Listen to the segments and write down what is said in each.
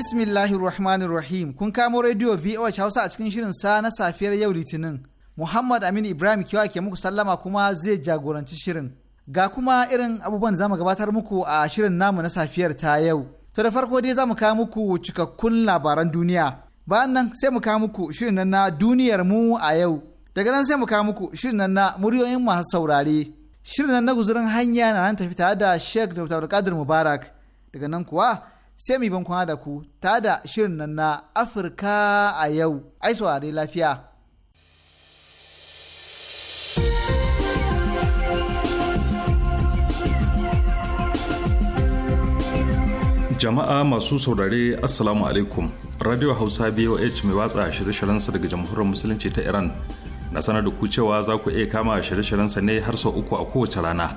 Bismillahirrahmanirrahim. Kun kamo rediyo VOH Hausa a cikin shirin sa na safiyar yau Litinin. Muhammad Aminu Ibrahim kiwa ke muku sallama kuma zai jagoranci shirin. Ga kuma irin abubuwan zamu gabatar muku a shirin namu na safiyar ta yau. To da farko dai zamu kawo muku cikakkun labaran duniya. Bayan nan sai mu kawo muku shirin nan na duniyar mu a yau. Daga nan sai mu kawo muku shirin nan na muryoyin masu saurare. Shirin nan na guzurin hanya na nan tafi tare da Sheikh Dr. Abdulkadir Mubarak. Daga nan kuwa sai mu ban kwana da ku ta da shirin nan na Afirka a yau. Ai saurare lafiya. Jama'a masu saurare Assalamu alaikum. Radio Hausa BOH mai watsa shirye sa daga Jamhuriyar Musulunci ta Iran na sanar da ku cewa za ku iya kama shirye sa ne har sau uku a kowace rana.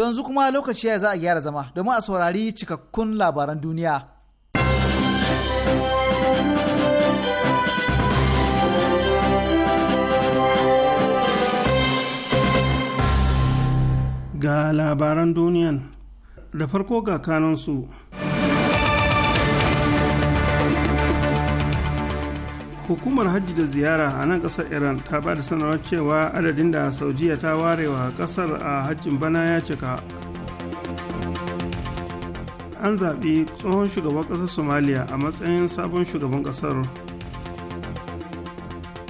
To yanzu kuma lokaci ya za a gyara zama domin a saurari cikakkun labaran duniya. Ga labaran duniyan da farko ga kanansu. hukumar hajji da ziyara a nan kasar iran ta ba da sanarwar cewa adadin da saudiya ta ware wa kasar a hajjin bana ya cika an zaɓi tsohon shugaban ƙasar somaliya a matsayin sabon shugaban ƙasar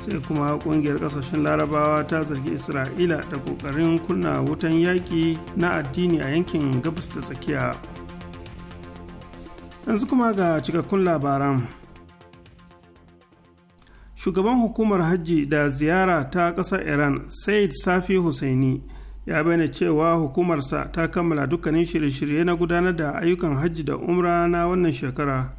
sai kuma ƙungiyar ƙasashen larabawa ta zargi isra'ila da ƙoƙarin kunna wutan yaƙi na addini a yankin gabas da tsakiya yanzu kuma ga cikakkun labaran shugaban hukumar hajji da ziyara ta ƙasar iran said safi husaini ya bayyana cewa hukumarsa ta kammala dukkanin shirye-shirye na gudanar da ayyukan hajji da umra na wannan shekara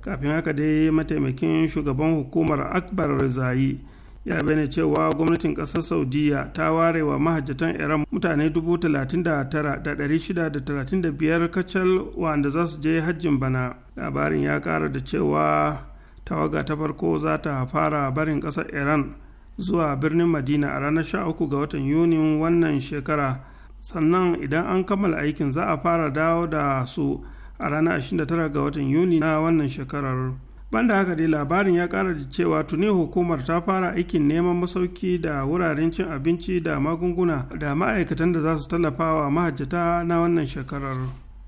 kafin haka dai mataimakin shugaban hukumar akbar rizayi ya bayyana cewa gwamnatin ƙasar saudiya ta ware wa mahajjatan iran mutane 39,635 kacal wanda za su je hajjin bana labarin ya ƙara da cewa tawaga ta farko za ta fara barin ƙasar iran zuwa birnin madina a ranar 13 ga watan yunin wannan shekara sannan idan an kammala aikin za a fara dawo da su a ranar 29 ga watan yuni na wannan shekarar banda haka dai labarin ya kara da cewa tuni hukumar ta fara aikin neman masauki da wuraren cin abinci da magunguna da ma'aikatan da za su tallafa wa mahajjata na wannan shekarar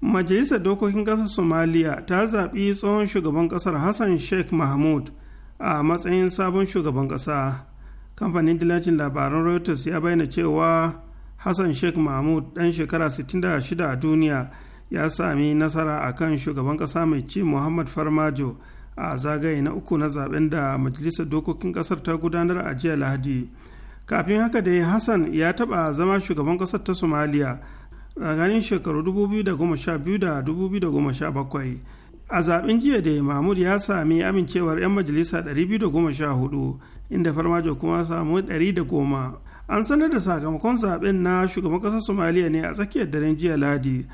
majalisar dokokin ƙasar somaliya ta zaɓi tsohon shugaban ƙasar hassan sheikh mahmud a matsayin sabon shugaban ƙasa kamfanin dillacin labaran reuters ya bayyana cewa hassan sheikh mahmud ɗan shekara 66 a duniya ya sami nasara a kan shugaban ƙasa mai ci muhammad farmajo a zagaye na uku na zaben da majalisar dokokin ƙasar ta gudanar a jiya lahadi kafin haka dai hassan ya taɓa zama shugaban ƙasar ta somaliya tsakanin shekaru 2012 2017 a zaben jiya da mahmud ya sami amincewar 'yan majalisa 214 inda farmajo kuma samu 110 an sanar da sakamakon zaɓen na shugaban ƙasar somaliya ne a tsakiyar daren jiya ladi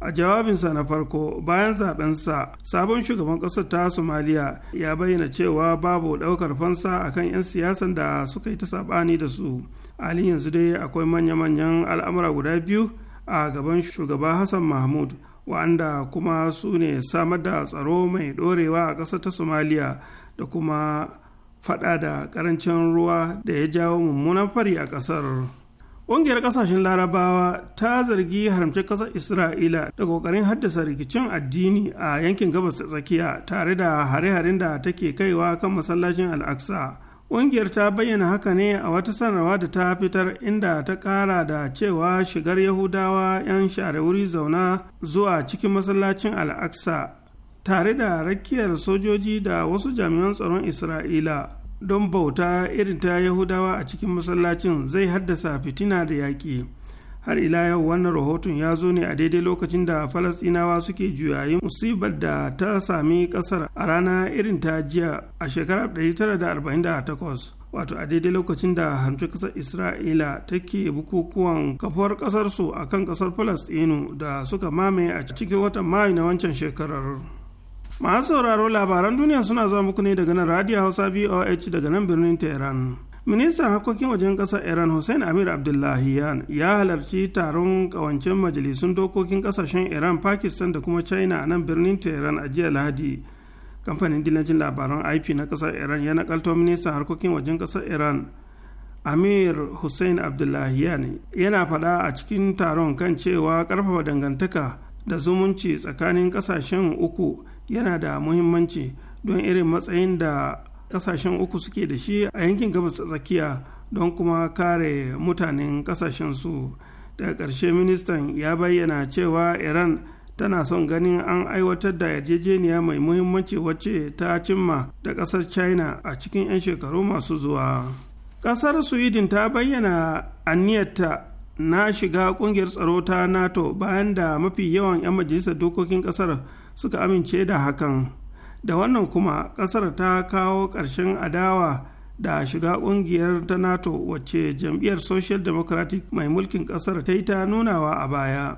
a jawabinsa na farko bayan zabensa sabon shugaban ƙasar ta somaliya ya bayyana cewa babu ɗaukar fansa akan 'yan siyasan da suka yi ta saɓani da su halin yanzu dai akwai manya-manyan al'amura guda biyu a gaban shugaba hassan mahmud wa'anda kuma su ne samar da tsaro mai ɗorewa a ƙasar ta somaliya da kuma fada da karancin ruwa da ya jawo mummunan fari a ƙasar ƙungiyar ƙasashen larabawa ta zargi haramcin ƙasar isra'ila da ƙoƙarin haddasa rikicin addini a yankin gabas ta tsakiya tare da hare-haren da take kaiwa kan masallacin aqsa ƙungiyar ta bayyana haka ne a wata sanarwa da ta fitar inda ta ƙara da cewa shigar yahudawa 'yan share wuri zauna zuwa cikin masallacin al'aksa tare da rakiyar sojoji da wasu jami'an tsaron isra'ila don bauta irin ta yahudawa a cikin masallacin zai haddasa fitina da yaƙi har ila yau wannan rahoton ya zo ne a daidai lokacin da falasinawa suke juyayi musibar da ta sami kasar a rana irin ta jiya a shekarar 1948 wato a daidai lokacin da hamci kasar isra'ila take bukukuwan kafuwar kasarsu a kan kasar falasɗinu da suka mamaye a cikin watan mayu na wancan shekarar masu sauraro labaran duniya suna zuwa muku ne daga nan radio hausa voh daga nan birnin tehran ministan harkokin wajen ƙasar iran hussein amir abdullahiyan ya halarci taron ƙawancen majalisun dokokin ƙasashen iran pakistan da kuma china a nan birnin tehran a jiya lahadi kamfanin dillancin labaran ip na ƙasar iran ya nakalto ministan harkokin wajen ƙasar iran amir hussein abdullahiyan yana faɗa a cikin taron kan cewa ƙarfafa dangantaka da zumunci tsakanin ƙasashen uku yana da muhimmanci don irin matsayin da kasashen uku suke da shi a yankin gabas ta tsakiya don kuma kare mutanen kasashen su daga ƙarshe ministan ya bayyana cewa iran tana son ganin an aiwatar da yarjejeniya mai muhimmanci wacce ta cimma da ƙasar china a cikin 'yan shekaru masu zuwa ƙasar sweden ta bayyana aniyarta na shiga ƙungiyar tsaro ta nato bayan da mafi yawan 'yan majalisar dokokin ƙasar suka amince da hakan da wannan kuma kasar ta kawo ƙarshen adawa da shiga ƙungiyar ta nato wacce jam'iyyar social democratic mai mulkin ƙasar ta yi ta nunawa a baya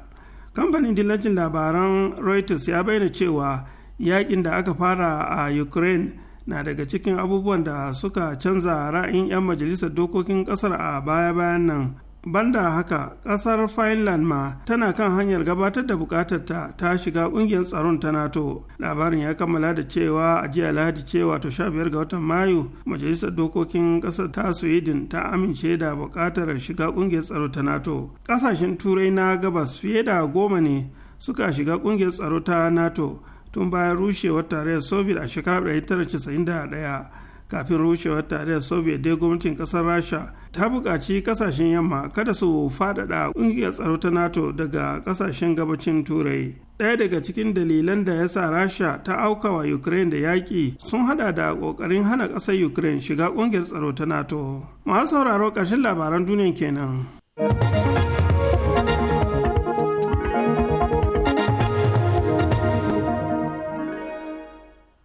kamfanin dillacin labaran reuters ya bayyana cewa yakin da aka fara a ukraine na daga cikin abubuwan da suka canza ra'ayin 'yan majalisar dokokin kasar a baya-bayan nan banda haka kasar finland ma tana kan hanyar gabatar da bukatarta ta shiga kungiyar tsaron ta nato labarin ya kammala da cewa a jiya lahadi cewa to 15 ga watan mayu majalisar dokokin kasar ta sweden ta amince da bukatar shiga kungiyar tsaro ta nato kasashen turai na gabas fiye da goma ne suka shiga kungiyar tsaro ta nato tun bayan rushewar tarayyar soviet a shekarar 1991 kafin rushewar tarayyar soviet da gwamnatin kasar rasha ta buƙaci kasashen yamma kada su faɗaɗa ƙungiyar tsaro ta nato daga kasashen gabacin turai ɗaya daga cikin dalilan da ya sa rasha ta auka wa ukraine da yaƙi sun haɗa da ƙoƙarin hana ƙasar ukraine shiga ƙungiyar tsaro ta nato masu sauraro ƙarshen labaran duniya kenan.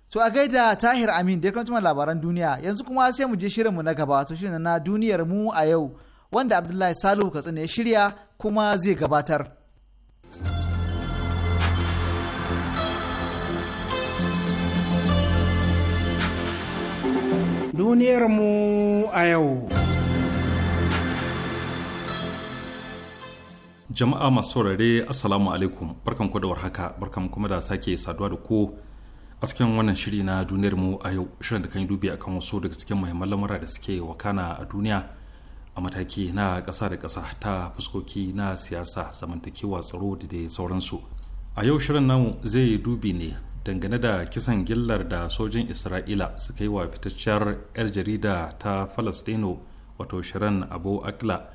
To a gaida Tahir Amin da ya kuma labaran duniya yanzu kuma sai mu je shirinmu na gaba to shirin na duniyar mu a yau wanda Abdullahi Salihu Katsina ya shirya kuma zai gabatar. Duniyar mu a yau. Jama'a masu saurare Assalamu alaikum barkan da haka barkan kuma da sake saduwa da ku a wannan shiri na duniyar mu a yau shirin da kan yi dubi akan wasu daga cikin muhimman lamura da suke wakana a duniya a mataki na ƙasa da ƙasa ta fuskoki na siyasa zamantakewa tsaro da dai sauransu a yau shirin namu zai dubi ne dangane da kisan gillar da sojin isra'ila suka yi wa fitacciyar 'yar jarida ta falastino wato shirin abu akla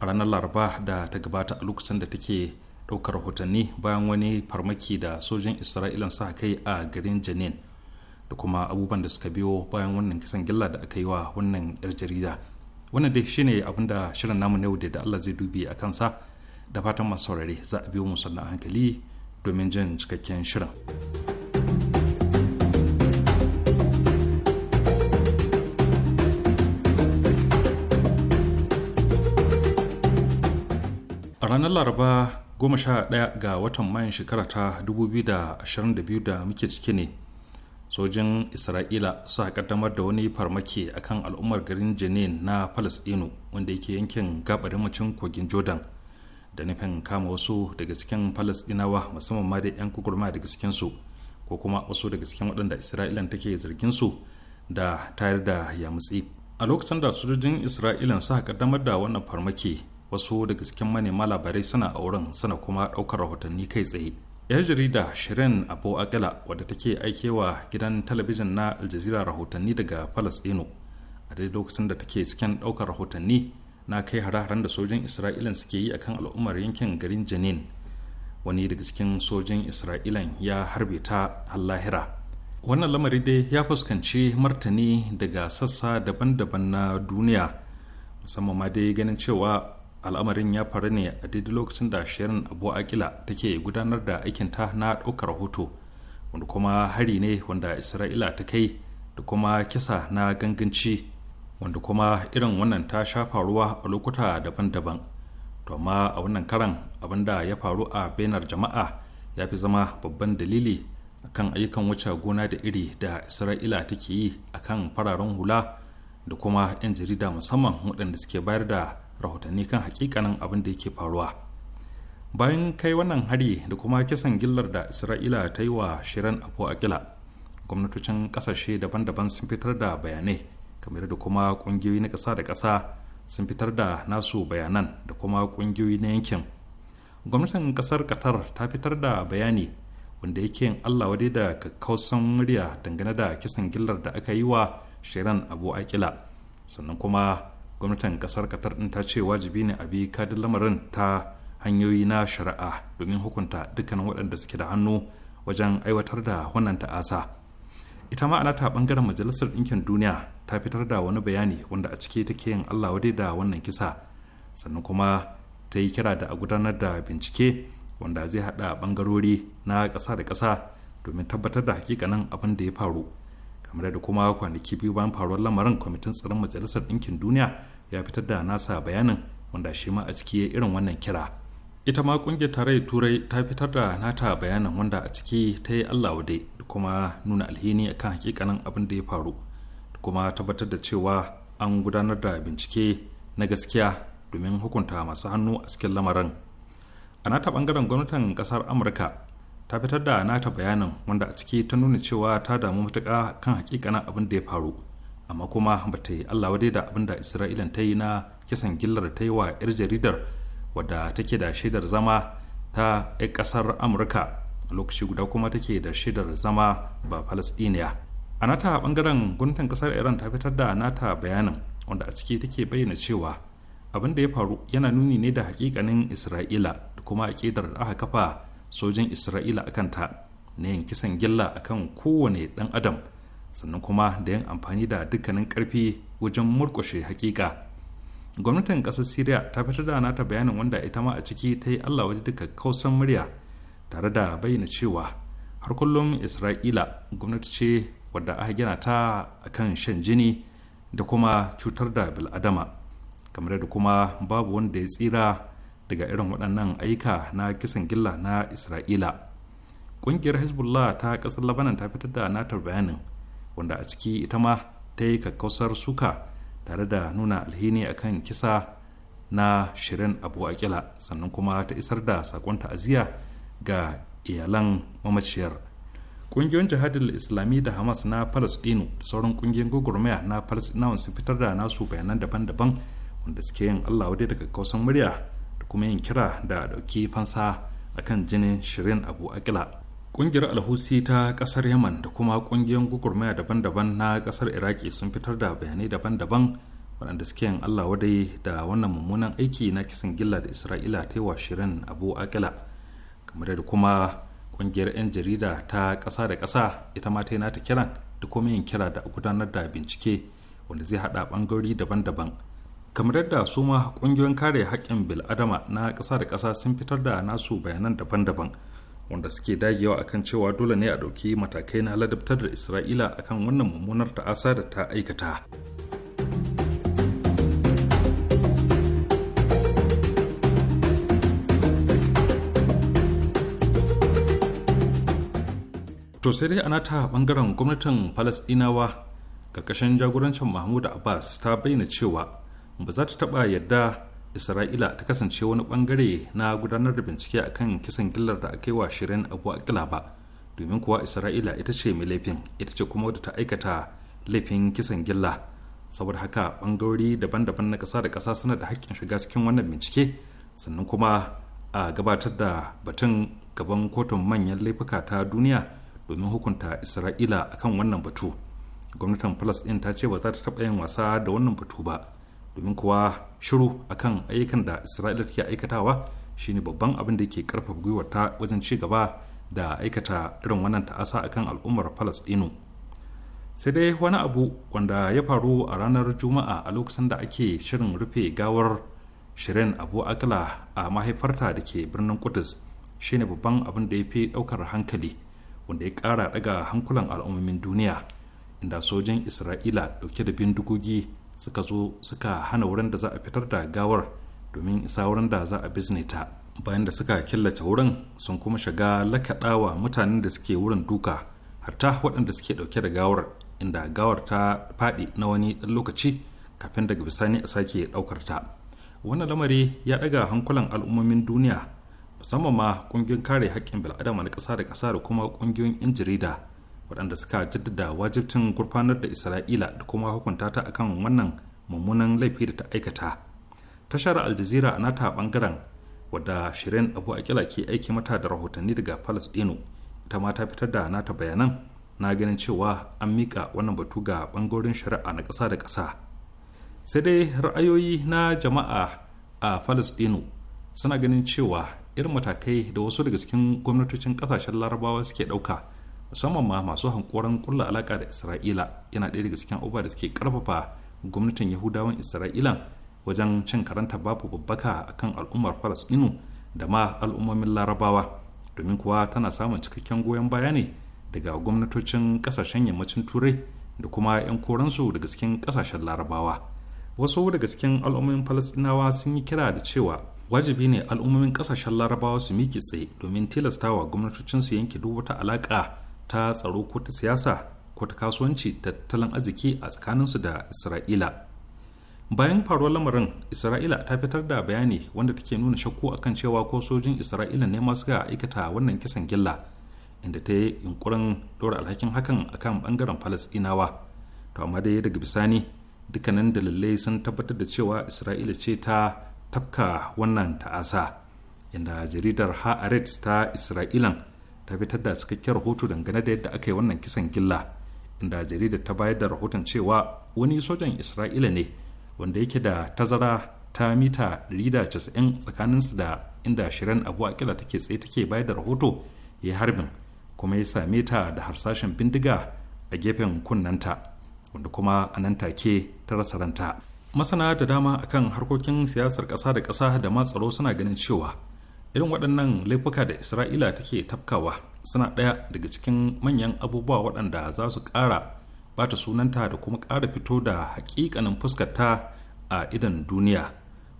a ranar laraba da ta gabata a lokacin da take ɗaukar rahotanni bayan wani farmaki da sojin isra'ila sa kai a garin janin da kuma abubuwan da suka biyo bayan wannan kisan gilla da aka yi wa wannan yar jarida wannan dai shine abin da shirin namu na yau da allah zai dubi a kansa da fatan masu saurare za a biyo musu sannan hankali domin jin cikakken shirin ranar laraba goma sha ɗaya ga watan mayan shekara ta 2022 da muke ciki ne sojin isra'ila suka kaddamar da wani farmaki akan al'ummar garin jenin na palestino wanda yake yankin yammacin kogin jordan da nufin kama wasu daga cikin palestinawa musamman ma da 'yan kukurma daga cikinsu ko kuma wasu daga cikin waɗanda isra'ilan take zarginsu da tayar da yamutsi a lokacin da sojojin isra'ilan suka kaddamar da wannan farmaki wasu daga cikin manema labarai suna auren suna kuma ɗaukar rahotanni kai tsaye 'yar jarida shirin abu akila wadda take aikewa gidan talabijin na aljazira rahotanni daga palestino a daidai lokacin da take cikin ɗaukar rahotanni na kai hare-haren da sojin isra'ila suke yi akan al'ummar yankin garin janin wani daga cikin sojin isra'ila ya harbe ta hallahira wannan lamari dai ya fuskanci martani daga sassa daban-daban na duniya musamman ma dai ganin cewa al'amarin ya faru ne a daidai lokacin da shirin abu akila take gudanar da aikinta na ɗaukar hoto wanda kuma hari ne wanda isra'ila ta kai da kuma kisa na ganganci wanda kuma irin wannan ta sha faruwa a lokuta daban-daban to amma a wannan karan da ya faru a benar jama'a ya fi zama babban dalili akan ayyukan wuce gona da iri da isra'ila take yi akan fararen hula da kuma 'yan jarida musamman waɗanda suke bayar da rahotanni kan hakikanin abin da yake faruwa bayan kai wannan hari da kuma kisan gillar da isra'ila ta yi wa shirin abu akila gwamnatocin kasashe daban-daban sun fitar da bayanai kamar da kuma kungiyoyi na ƙasa da ƙasa sun fitar da nasu bayanan da kuma kungiyoyi na yankin gwamnatin ƙasar qatar ta fitar da bayani wanda yake in allah wadai da kakkausan murya dangane da kisan gillar da aka yi wa shirin abu akila sannan kuma gwamnatin kasar katar din ta ce wajibi ne a bi kadin lamarin ta hanyoyi na shari'a domin hukunta dukkanin waɗanda suke da hannu wajen aiwatar da wannan ta'asa ita ma ana ta bangaren majalisar ɗinkin duniya ta fitar da wani bayani wanda a ciki take yin allah wadai da wannan kisa sannan kuma ta yi kira da a gudanar da bincike wanda zai haɗa bangarori na ƙasa da ƙasa domin tabbatar da hakikanin abin da ya faru kamar da kuma kwanaki biyu bayan faruwar lamarin kwamitin tsaron majalisar ɗinkin duniya ya fitar da nasa bayanin wanda shi ma a ciki irin wannan kira ita ma kungiyar tarayyar turai ta fitar da nata bayanin wanda a ciki ta yi allah wade kuma nuna alhini akan hakikanin abin da ya faru kuma tabbatar da cewa an gudanar da bincike na gaskiya domin hukunta masu hannu a cikin lamarin a nata bangaren gwamnatin kasar amurka ta fitar da nata bayanin wanda a ciki ta nuna cewa ta damu matuka kan hakikanin abin da ya faru amma kuma ba ta yi allah wadai da abin da isra'ilan ta yi na kisan gillar ta yi wa 'yar jaridar wadda take da shaidar zama ta 'yan kasar amurka lokaci guda kuma take da shaidar zama ba palestiniya a nata bangaren gwamnatin ƙasar iran ta fitar da nata bayanin wanda a ciki take bayyana cewa abin da ya faru yana nuni ne da hakikanin isra'ila da kuma aƙidar da aka kafa sojin isra'ila akan ta na yin kisan gilla akan kowane ɗan adam sannan kuma da yin amfani da dukkanin karfi wajen murkushe hakika gwamnatin kasar syria ta fitar da nata bayanin wanda ita ma a ciki ta yi allah wajen duka kausan murya tare da bayyana cewa har kullum isra'ila gwamnati ce wadda aka gina ta akan shan jini da kuma cutar da bil'adama kamar da kuma babu wanda ya tsira daga irin waɗannan aika na kisan gilla na isra'ila ƙungiyar hezbollah ta ƙasar labanan ta fitar da nata bayanin wanda a ciki ita ma ta yi kakkausar suka tare da nuna alhini akan kisa na shirin abu akila sannan kuma ta isar da sakon ta'aziyya ga iyalan mamaciyar ƙungiyoyin jihadin islami da hamas na palestino da sauran ƙungiyoyin gwagwarmaya na palestinawan sun fitar da nasu bayanan daban-daban wanda suke yin allah wadai daga kausan murya da kuma yin kira da dauki fansa akan jinin shirin abu akila ƙungiyar alhusi ta ƙasar yaman da kuma ƙungiyar gugurmaya daban-daban na ƙasar iraki sun fitar da bayanai daban-daban waɗanda suke yin allah wadai da wannan mummunan aiki na kisan gilla da isra'ila ta yi wa shirin abu akila kamar da kuma ƙungiyar 'yan jarida ta ƙasa da ƙasa ita ma ta yi nata kiran da kuma yin kira da gudanar da bincike wanda zai haɗa ɓangarori daban-daban kamar yadda su ma ƙungiyoyin kare haƙƙin bil'adama na ƙasa da ƙasa sun fitar da nasu bayanan daban-daban wanda suke dagewa akan cewa dole ne a ɗauki matakai na ladabtar da isra'ila akan wannan mummunar ta'asa da ta aikata to sai dai ana ta bangaren gwamnatin falasdinawa karkashin jagorancin mahmud abbas ta bayyana cewa ba za ta taba yadda isra'ila ta kasance wani bangare na gudanar da bincike akan kisan gillar da aka yi wa shirin abu akila ba domin kuwa isra'ila ita ce mai laifin ita ce kuma wadda ta aikata laifin kisan gilla saboda haka bangarori daban-daban na kasa da kasa suna da hakkin shiga cikin wannan bincike sannan kuma a gabatar da batun gaban kotun manyan laifuka ta duniya domin hukunta isra'ila akan wannan batu gwamnatin ɗin ta ce ba za ta taɓa yin wasa da wannan batu ba domin kuwa shiru akan ayyukan da isra'ila ke aikatawa shine babban abin da ke karfafa gwiwar ta wajen ci gaba da aikata irin wannan ta'asa akan al'ummar falastinu sai dai wani abu wanda ya faru a ranar juma'a a lokacin da ake shirin rufe gawar shirin abu akala a mahaifarta da ke birnin kudus shine babban abin da ya fi daukar hankali wanda ya kara daga hankulan al'ummomin duniya inda sojin isra'ila dauke da bindigogi suka zo suka hana wurin da za a fitar da gawar domin isa wurin da za a bizne ta bayan da suka killace wurin sun kuma shiga lakaɗawa mutanen da suke wurin duka hatta waɗanda suke ɗauke da gawar inda gawar ta faɗi na wani ɗan lokaci kafin daga bisani a sake ɗaukar ta wannan lamari ya ɗaga hankulan al'ummomin duniya musamman ma ƙungiyoyin kare haƙƙin bil'adama na ƙasa da ƙasa da kuma ƙungiyoyin 'yan jarida waɗanda suka jaddada wajibcin gurfanar da isra'ila da kuma hukunta ta akan wannan mummunan laifi da ta aikata tashar aljazira a nata bangaren wadda shirin abu a akila ke aiki mata da rahotanni daga dino ita ma ta fitar da nata bayanan na ganin cewa an mika wannan batu ga bangorin shari'a na ƙasa da ƙasa sai dai ra'ayoyi na jama'a a dino suna ganin cewa irin matakai da wasu daga cikin gwamnatocin ƙasashen larabawa suke ɗauka musamman ma masu hankoran kulla alaka da isra'ila yana ɗaya daga cikin abubuwa da suke karfafa gwamnatin yahudawan isra'ilan wajen cin karanta babu babbaka akan al'ummar falasɗinu da ma al'ummomin larabawa domin kuwa tana samun cikakken goyon baya ne daga gwamnatocin kasashen yammacin turai da kuma 'yan koransu daga cikin kasashen larabawa wasu daga cikin al'ummomin falasɗinawa sun yi kira da cewa wajibi ne al'ummomin ƙasashen larabawa su miki tsaye domin tilastawa gwamnatocinsu yanke duk wata alaƙa ta tsaro ko ta siyasa ko ta kasuwanci tattalin arziki a tsakaninsu da isra'ila bayan faruwar lamarin isra'ila ta fitar da bayani wanda take nuna shakku akan cewa ko sojin isra'ila ne masu ga aikata wannan kisan gilla inda ta yi yunkurin dora alhakin hakan akan bangaren falastinawa to amma dai daga bisani dukkanin dalilai sun tabbatar da cewa isra'ila ce ta tafka wannan ta'asa inda jaridar haaretz ta isra'ilan ta fitar da cikakken rahoto dangane da yadda aka yi wannan kisan gilla inda jaridar ta bayar da rahoton cewa wani sojan isra'ila ne wanda yake da tazara ta mita 190 tsakaninsu da inda shirin abu akila take tsaye take bayar da rahoto ya harbin kuma ya same ta da harsashen bindiga a gefen kunnanta wanda kuma a nan take ta rasa ranta masana da dama akan harkokin siyasar ƙasa da ƙasa da ma tsaro suna ganin cewa irin waɗannan laifuka da isra'ila take tafkawa suna ɗaya daga cikin manyan abubuwa waɗanda za su ƙara bata sunanta da kuma ƙara fito da haƙiƙanin fuskarta a idan duniya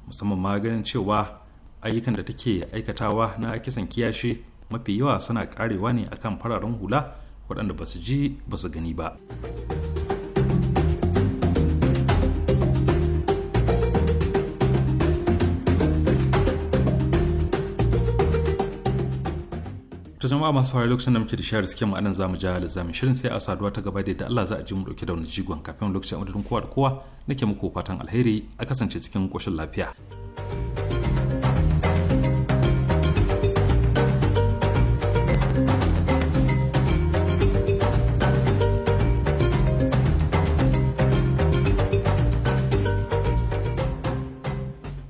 musamman ma ganin cewa ayyukan da take aikatawa na kisan kiyashi mafi yawa suna ƙarewa ne akan fararen hula waɗanda ba su ji ba su gani ba. to jama'a masu hawaye lokacin da muke da shari'a suke ma'anan zamu ja zamu shirin sai a saduwa ta gaba da Allah za a ji mu dauke da wani jigon kafin lokacin amadadin kowa da kowa nake muku fatan alheri a kasance cikin koshin lafiya.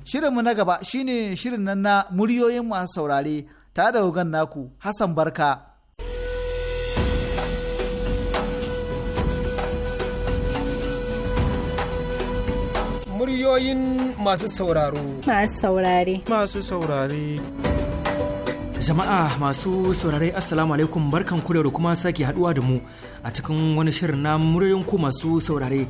shirin mu na gaba shine shirin nan na muryoyin masu saurare ta da wugan naku Hassan Barka. Muryoyin masu sauraro. Masu saurare. Masu saurare. Jama'a masu saurare Assalamu alaikum barkan kure da kuma sake haduwa da mu a cikin wani shirin na muryoyin ku masu saurare.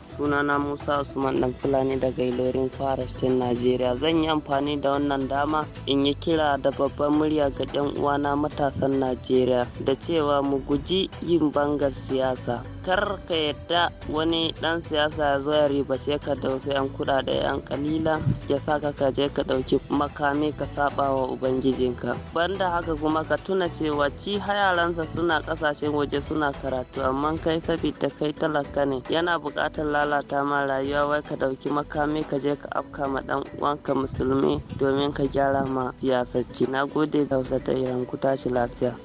sunana musa usman dan fulani daga ilorin farastin najeriya zan yi amfani da wannan dama in yi kira da babban murya ga yan uwana matasan najeriya da cewa mu guji yin bangar siyasa kar ka yadda wani dan siyasa ya zo ya riba ka da wasu yan da yan kalila ya sa ka je ka ɗauki makami ka saba wa ubangijinka banda haka kuma ka tuna cewa ci hayaransa suna ƙasashen waje suna karatu amma kai sabida kai talaka ne yana bukatar lalata ma rayuwa wai ka ɗauki makami ka je ka afka ma ɗan uwanka musulmi domin ka gyara ma siyasarci na gode da hausa ta iran ku tashi lafiya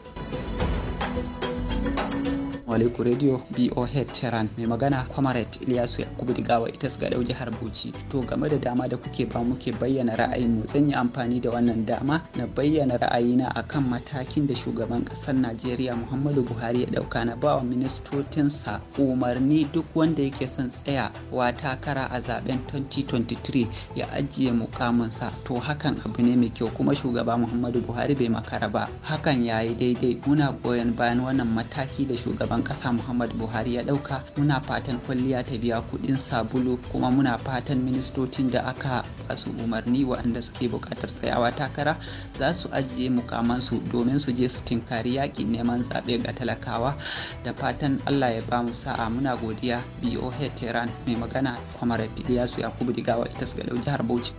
alaikum radio BOH Tehran mai magana Kwamaret Ilyasu Yakubu Digawa ita suka dau jihar Bauchi. To game da dama da kuke ba muke bayyana ra'ayin mu zan yi amfani da wannan dama na bayyana ra'ayina kan matakin da shugaban ƙasar Najeriya Muhammadu Buhari ya ɗauka na bawa ministocinsa umarni duk wanda yake son tsaya wa takara a zaben 2023 ya ajiye mukaminsa to hakan abu ne mai kyau kuma shugaba Muhammadu Buhari bai makara ba hakan yayi daidai muna goyon bayan wannan mataki da shugaban shugaban ƙasa Muhammad Buhari ya ɗauka muna fatan kwalliya ta biya kuɗin sabulu kuma muna fatan ministocin da aka basu umarni waɗanda suke buƙatar tsayawa takara za su ajiye mukamansu domin su je su tinkari yaƙi neman zaɓe ga talakawa da fatan Allah ya ba mu sa'a muna godiya BOH Tehran mai magana Kwamar Yakubu Digawa ita suka ɗau jihar Bauchi.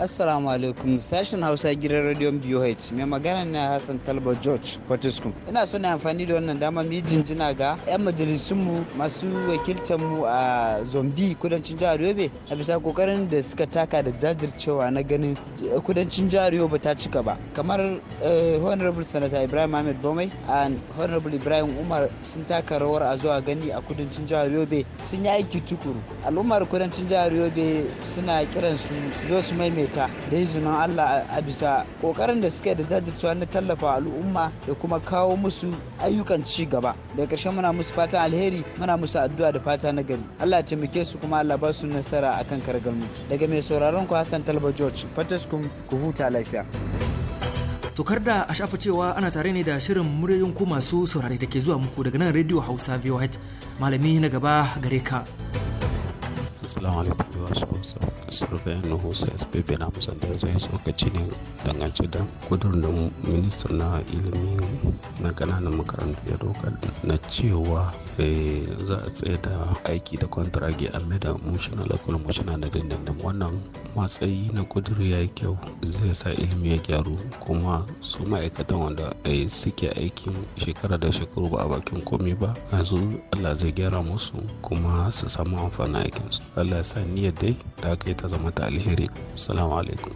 Assalamu alaikum sashen Hausa gidan radiyon BOH mai magana na Hassan Talba George Fortescue. Ina so na amfani da wannan dama mu jinjina ga 'yan majalisunmu masu wakiltar mu a Zombi kudancin jihar Yobe a bisa kokarin da suka taka da jajircewa na ganin kudancin jihar Yobe ta cika ba. Kamar eh, Honorable Senator Ibrahim Ahmed Bomai and Honorable Ibrahim Umar sun taka rawar a zuwa gani a kudancin jihar Yobe sun yi aiki tukuru. Al'ummar kudancin jihar Yobe suna kiransu su zo su mai ta da izinin Allah a bisa kokarin da suke da jajircewa na tallafa al'umma da kuma kawo musu ayyukan ci gaba da ƙarshen muna musu fatan alheri muna musu addu'a da fata na gari Allah taimake su kuma Allah ba su nasara akan kargal daga mai sauraron ku Hassan Talba George Fataskum ku huta lafiya tokar da a shafa cewa ana tare ne da shirin muryoyin ku masu saurare da ke zuwa muku daga nan radio hausa voh malami na gaba gare ka Assalamu alaikum biyu wasu wasu kasar bayanin Hausa SPB na da zai ka ne dangance da kudurin ministan na ilimi na kananan makarantu ya dokar na cewa eh, za a tsaye da aiki da kwantaragi a mai da mushina lakul mushina na dindindin wannan matsayi na kuduri ya yi kyau zai sa ilimi ya gyaru kuma su ma'aikatan wanda eh, suke aikin shekara da shekaru ba a bakin komi ba yanzu Allah zai gyara musu kuma su samu amfanin aikinsu. Allah ya sa niyyar dai da aka yi ta zama ta alheri. Assalamu alaikum.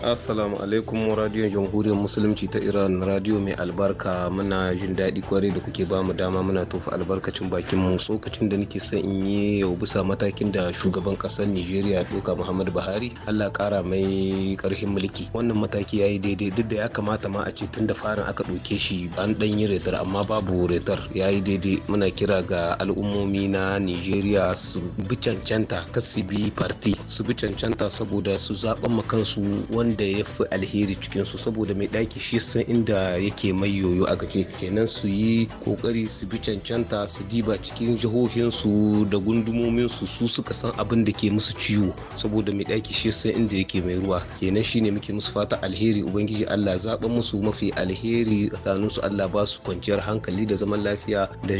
Assalamu alaikum radiyon jamhuriyar musulunci ta Iran radiyo mai albarka muna jin daɗi kwarai da kuke bamu dama muna tofa albarkacin bakin mu tsokacin da nake son in yi yau bisa matakin da shugaban ƙasar Nijeriya doka Muhammadu Buhari Allah ƙara mai ƙarfin mulki wannan mataki yayi daidai duk da ya kamata ma a ce tun da farin aka ɗauke shi an ɗan yi retar amma babu retar yayi daidai muna kira ga al'ummomi na Nijeriya su bi cancanta kasi bi farti su bi cancanta saboda su zaɓen ma kansu wani wanda ya fi alheri cikin su saboda mai daki shi san inda yake mai yoyo a gaje kenan su yi kokari su bi cancanta su diba cikin jihohinsu da gundumominsu su suka san abin da ke musu ciwo saboda mai daki shi san inda yake mai ruwa kenan shine muke musu fata alheri ubangiji Allah zaben musu mafi alheri tsakanin su Allah ba su kwanciyar hankali da zaman lafiya da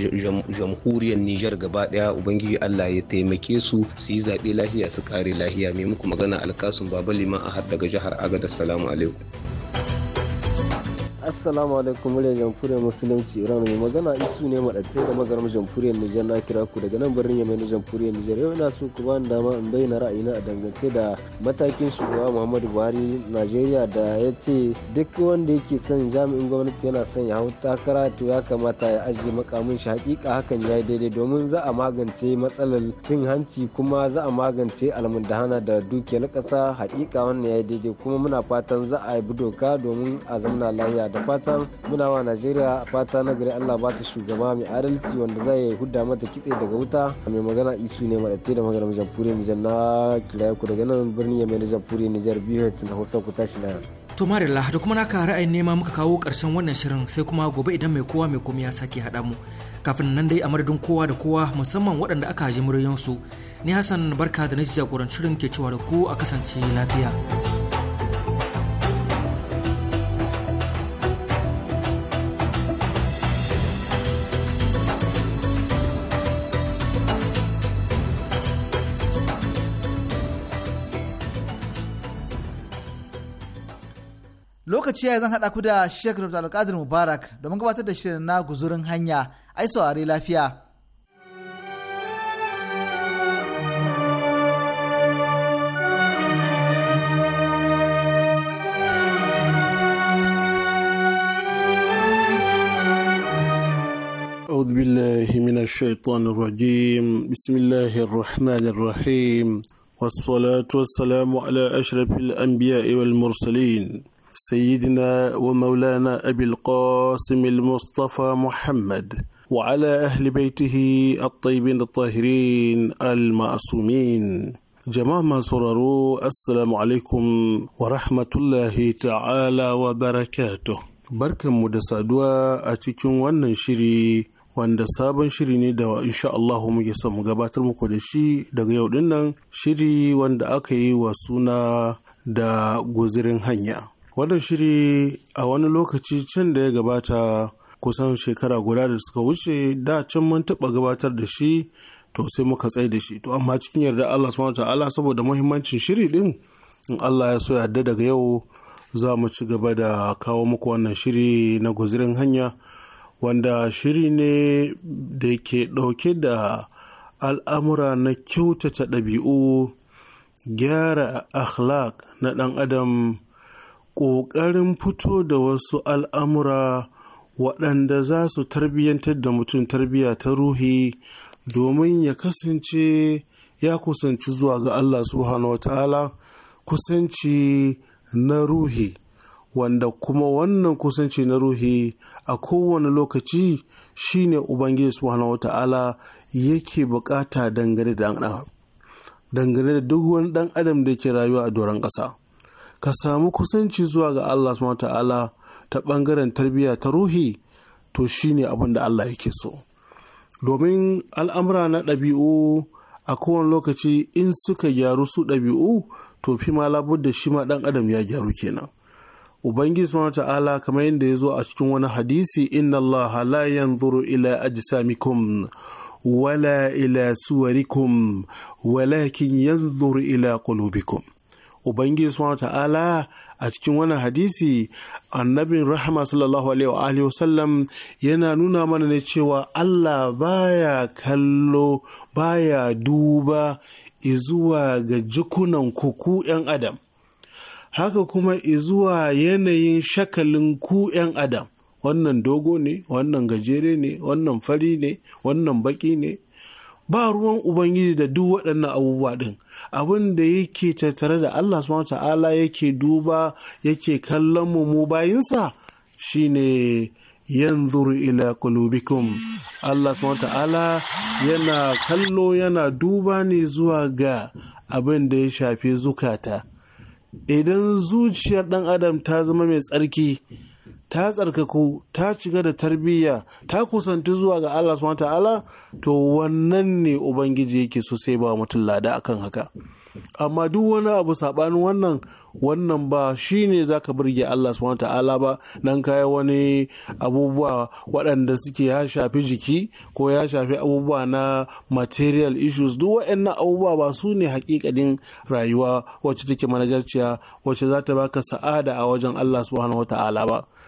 jamhuriyar Nijar gaba ɗaya ubangiji Allah ya taimake su su yi zaɓe lahiya su kare lahiya mai muku magana alkasun baba liman a har daga jihar Agada. Salamu alaikum. assalamu alaikum muryar jamhuriyar musulunci iran mai magana isu ne maɗatai da magaram jamhuriyar nijar na kira ku daga nan birnin yamai na jamhuriyar nijar yau ina so ku bani dama in bayyana ra'ayina a dangance da matakin shugaba muhammadu buhari najeriya da ya ce duk wanda yake son jami'in gwamnati yana son ya hau takara to ya kamata ya ajiye makamin shi hakika hakan ya yi daidai domin za a magance matsalar cin hanci kuma za a magance almundahana da dukiyar ƙasa hakika wannan ya yi daidai kuma muna fatan za a yi bi doka domin a zamna lafiya da fatan muna wa najeriya fata na gari allah ba ta shugaba mai adalci wanda zai hudda mata kitse daga wuta mai magana isu ne madatte da magaram jamhuriyar nijar na kiraye daga nan birnin yamai na jamhuriyar nijar biyu na hausa ku tashi na to marilla da kuma naka ra'ayin nema muka kawo karshen wannan shirin sai kuma gobe idan mai kowa mai komai ya sake hada mu kafin nan dai a madadin kowa da kowa musamman waɗanda aka haji muryansu ni hassan barka da na jagorancin shirin ke cewa da ku a kasance lafiya. lokaci ya zan haɗa ku da Sheikh Dr. Alƙadir Mubarak domin gabatar da shirin na guzurin hanya, ai saurari lafiya. أعوذ بالله من الشيطان الرجيم بسم الله الرحمن الرحيم والصلاة والسلام على أشرف الأنبياء والمرسلين سيدنا ومولانا أبي القاسم المصطفى محمد وعلى أهل بيته الطيبين الطاهرين المعصومين jama'a masu sauraro assalamu alaikum wa rahmatullahi ta'ala wa barakatu mu da saduwa a cikin wannan shiri wanda sabon shiri ne da insha Allah muke son mu gabatar muku da shi daga yau ɗinnan. shiri wanda aka yi wa suna da guzirin hanya wannan shiri a wani lokaci can da ya gabata kusan shekara guda da suka wuce da can mun taɓa gabatar da shi to sai muka tsaye da shi to amma cikin yarda Allah subhanahu ta'ala saboda muhimmancin shiri din in Allah ya so yarda daga yau za mu ci gaba da kawo muku wannan shiri na guzirin hanya wanda shiri ne da ke ɗauke da al'amura na kyautata ɗabi'u gyara akhlaq na ɗan adam ƙoƙarin fito da wasu al'amura waɗanda za su tarbiyyantar da mutum tarbiyya ta ruhi domin ya kasance ya kusanci zuwa ga Allah subhanahu wataala kusanci na ruhi wanda kuma wannan kusanci na ruhi a kowane lokaci shine ubangiji subhanahu wataala yake bukata dangane da dangane da duk wani dan adam da ke rayuwa a doron ƙasa ka samu kusanci zuwa ga Allah subhanahu ta'ala ta bangaren tarbiyya ta ruhi to shine abin da Allah yake so domin al'amura na ɗabi'u a kowane lokaci in suka gyaru su ɗabi'u to fi ma da shi ma ɗan adam ya gyaru kenan ubangiji subhanahu ta'ala kamar yadda ya zo a cikin wani hadisi inna Allah la yanzuru ila ajsamikum wala ila suwarikum walakin yanzuru ila qulubikum ubangiji subhanahu ta'ala a cikin wannan hadisi annabin rahama sallallahu alaihi wa sallam yana nuna mana ne cewa Allah baya kallo baya duba izuwa ga jikunan kuku 'yan adam haka kuma izuwa yanayin shakalin ku 'yan adam wannan dogo ne wannan gajere ne wannan fari ne wannan baki ne ba ruwan ubangiji da duk waɗannan abubuwa ɗin abin da yake tattare da allah subhanahu ta'ala yake duba yake kallon mu mu bayinsa shine yanzu ila qulubikum allah subhanahu ta'ala yana kallo yana duba ne zuwa ga abin da ya shafi zukata idan zuciyar ɗan adam ta zama mai tsarki ta tsarkaku ta shiga da tarbiyya ta kusanci zuwa ga Allah subhanahu ta'ala to wannan ne ubangiji yake so sai ba mutum lada akan haka amma duk wani abu saɓanin wannan wannan ba shi ne za ka birge Allah subhanahu ta'ala ba nan kayan wani abubuwa waɗanda suke ya shafi jiki ko ya shafi abubuwa na material issues duk waɗannan abubuwa ba su ne hakikanin rayuwa wacce take managarciya wacce za ta baka sa'ada a wajen Allah subhanahu ta'ala ba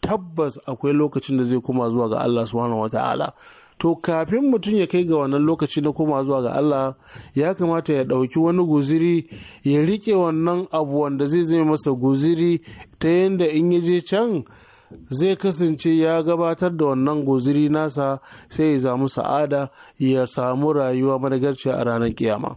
tabbas akwai lokacin da zai koma zuwa ga Allah subhanahu ta'ala to kafin mutum ya kai ga wannan lokaci na koma zuwa ga Allah ya kamata ya ɗauki wani guziri ya rike wannan abu wanda zai zama masa guziri ta yadda in ya je can zai kasance ya gabatar da wannan guziri nasa sai ya samu sa'ada ya samu rayuwa madagarci a ranar kiyama.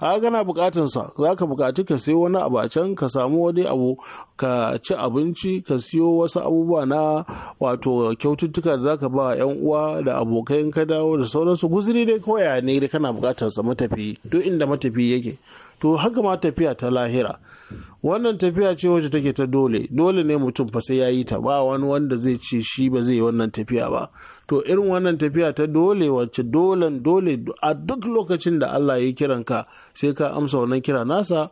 a kana bukatun za ka bukaci ka sayo wani abu a can ka samu wani abu ka ci abinci ka siyo wasu abubuwa na wato kyaututtuka da za ka ba yan uwa da abokan ka dawo da sauransu guzuri dai koya ne da kana bukatarsa sa matafi duk inda matafi yake to haka ma tafiya ta lahira wannan tafiya ce wacce take ta dole dole ne mutum fa sai ya yi ta ba wani wanda zai ce shi ba zai yi wannan tafiya ba to irin wannan tafiya ta dole wacce dolen dole a duk lokacin da Allah ya kiran ka sai ka amsa wannan kira nasa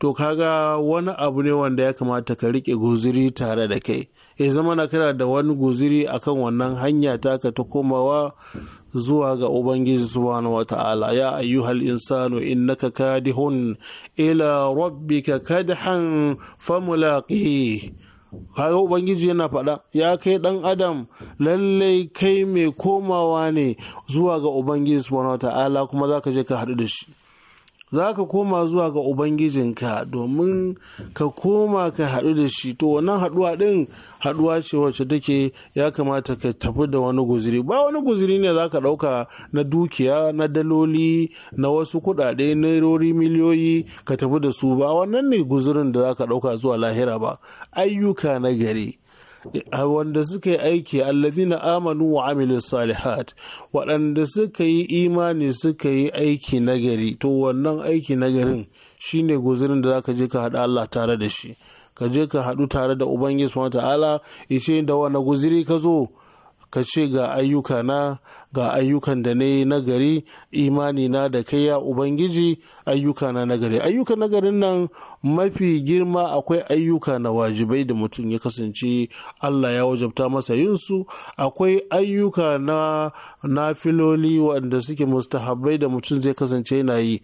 to kaga wani abu ne wanda ya kamata ka rike guziri tare da kai ya zama na kana da wani guziri akan wannan hanya taka ta komawa zuwa ga Ubangiji subhanahu wa ta'ala, ya ayyuhal insanu innaka kadihun ila rabbika kadhan famulaqi kaga Ubangiji yana faɗa, ya kai ɗan Adam lallai kai mai komawa ne zuwa ga Ubangiji subhanahu wa ta'ala kuma za ka je ka haɗu da shi. za ka koma zuwa ga ubangijinka domin ka koma ka haɗu da shi to wannan haɗuwa ɗin haɗuwa ce wacce take ya kamata ka tafi da wani guziri ba wani guziri ne za ka ɗauka na dukiya na daloli na wasu kuɗaɗe rori miliyoyi ka tafi da su ba wannan ne guzirin da za ka ɗauka zuwa lahira ba ayyuka na gari wanda suka yi aiki allazina amanu wa amilu salihat waɗanda suka yi imani suka yi aiki nagari to wannan aiki nagarin shine guzirin da zaka je ka haɗa Allah tare da shi ka je ka haɗu tare da ubangiji subhanahu ta'ala ishe da wani guziri ka zo ka ce ga ayyuka na ga ayyukan da na yi nagari imani na da kai ya ubangiji ayyuka na nagari ayyuka nagarin nan mafi girma akwai ayyuka na wajibai da mutum ya kasance allah ya wajabta masa yin su akwai ayyuka na nafiloli wanda suke mustahabbai da mutum zai kasance yana yi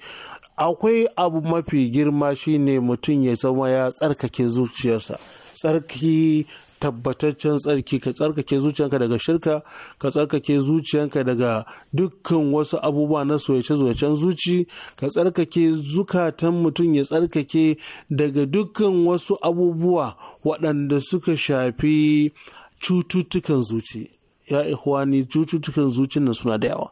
akwai abu mafi girma shine mutum ya zama ya tsarkake zuciyarsa tsarki tabbataccen tsarki ka tsarkake zuciyanka daga shirka ka tsarkake zuciyanka daga dukkan wasu abubuwa na soyace zuwacen zuci ka tsarkake zukatan mutum ya tsarkake daga dukkan wasu abubuwa waɗanda suka shafi cututtukan zuci ya ihwani cututtukan zuci nan suna da yawa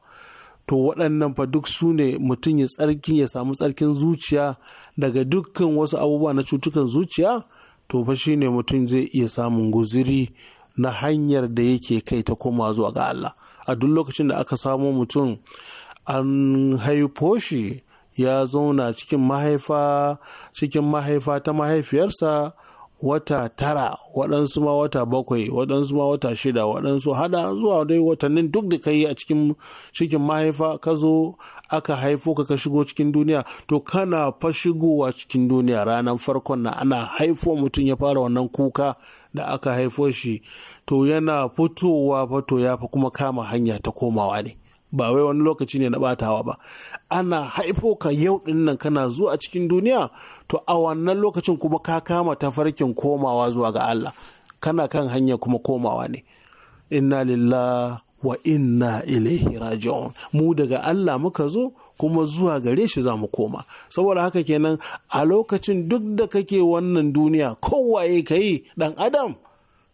to waɗannan fa duk su ne mutum ya tsarkin ya samu tsarkin zuciya daga dukkan wasu abubuwa na cutukan zuciya to fa shine mutum zai iya samun guziri na hanyar da yake kai ta koma zuwa ga Allah a duk lokacin da aka samo mutum an haifo shi ya zauna cikin mahaifa cikin mahaifa ta mahaifiyarsa wata tara waɗansu ma wata bakwai waɗansu ma wata shida waɗansu hada zuwa dai watannin duk da ka a cikin cikin mahaifa ka zo aka haifo ka ka shigo cikin duniya to kana fa shigowa cikin duniya ranar farkon na ana haifo mutum ya fara wannan kuka da aka haifo shi to yana fitowa fa to ya fa kuma kama hanya ta komawa ne ba wai wani lokaci ne na batawa ba ana haifo ka yau din nan kana zuwa a cikin duniya to a wannan lokacin kuma ka kama ta farkin komawa zuwa ga Allah kana kan hanya kuma komawa ne inna lillahi wa inna ilaihi raji'un mu daga Allah muka zo kuma zuwa gare shi za mu koma saboda haka kenan a lokacin duk da kake wannan duniya kowaye ka yi dan adam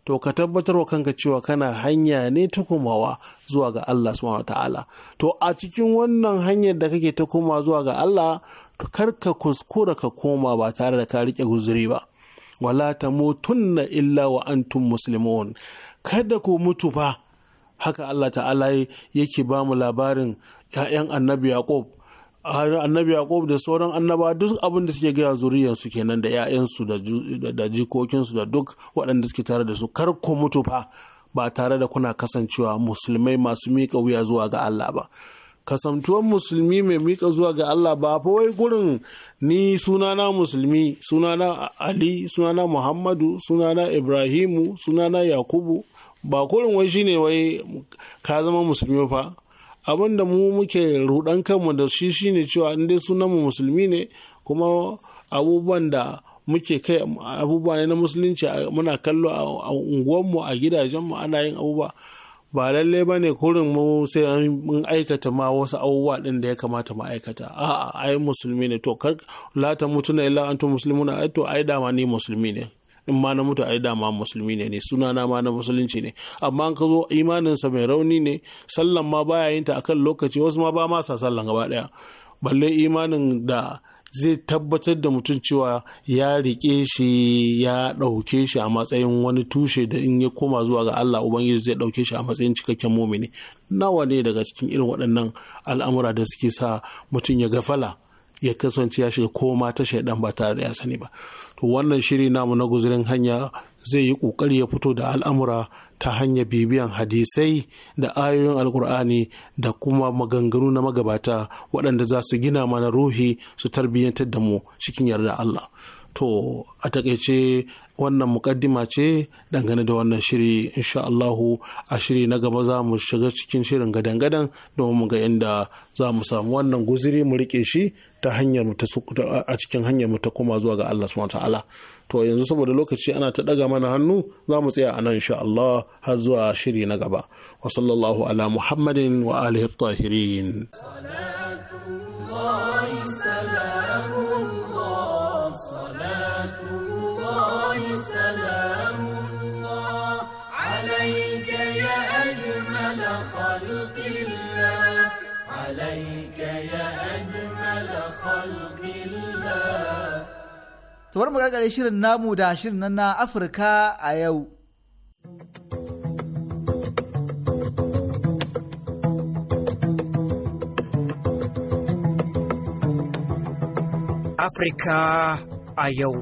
to ka tabbatar wa kanka cewa kana hanya ne ta komawa zuwa ga Allah subhanahu ta'ala to a cikin wannan hanyar da kake ta koma zuwa ga Allah to kar ka kuskura ka koma ba tare da ka rike guzuri ba wala tamutunna illa wa antum muslimun kada ku mutu ba haka Allah ta'ala yake ba mu labarin 'ya'yan annabi Yaqub annabi yaqub da sauran annaba duk abin da suke gaya zuriyar su kenan da 'ya'yansu da jikokinsu da duk waɗanda suke tare da su kar ku mutu fa ba tare da kuna kasancewa musulmai masu miƙa wuya zuwa ga Allah ba kasantuwan musulmi mai miƙa zuwa ga Allah ba fa wai gurin ni sunana musulmi sunana Ali sunana Muhammadu sunana Ibrahimu sunana Yakubu ba kurin wai shine wai ka zama musulmi fa abin da mu muke rudan kanmu da shi shine cewa in dai sunanmu musulmi ne kuma abubuwan da muke kai abubuwa ne na musulunci muna kallo a unguwanmu a gidajenmu ana yin abubuwa ba lalle ba ne kurin mu sai mun aikata ma wasu abubuwa ɗin da ya kamata mu aikata a'a ai musulmi ne to kar la mutuna illa antum muslimuna ai to ai dama ni musulmi ne in ma na mutu a yi dama musulmi ne ne suna na ma na musulunci ne amma an ka zo imaninsa mai rauni ne sallan ma baya yin ta akan lokaci wasu ma ba ma sa sallan gaba daya balle imanin da zai tabbatar da mutum cewa ya rike shi ya ɗauke shi a matsayin wani tushe da in ya koma zuwa ga Allah Ubangiji zai ɗauke shi a matsayin cikakken mumini nawa ne daga cikin irin waɗannan al'amura da suke sa mutum ya gafala ya kasance ya shiga koma ta shaidan ba tare da ya sani ba to wannan shiri namu na guzurin hanya zai yi ƙoƙari ya fito da al'amura ta hanyar bibiyan hadisai da ayoyin alkur'ani da kuma maganganu na magabata waɗanda za su gina mana ruhi su tarbiyyantar da mu cikin yarda Allah. to a takaice wannan mukaddima ce dangane da wannan shiri insha Allahu a shiri na gaba za mu shiga cikin shirin gadan-gadan domin mu ga inda za mu samu wannan guziri mu rike shi ta hanyar mu ta a cikin hanyar mu ta koma zuwa ga Allah subhanahu ta'ala to yanzu saboda lokaci ana ta daga mana hannu za mu tsaya a nan insha Allah har zuwa shiri na gaba wa sallallahu ala muhammadin wa alihi tahirin to bari mu karkare shirin namu da shirin na Afirka a yau. Afirka a yau.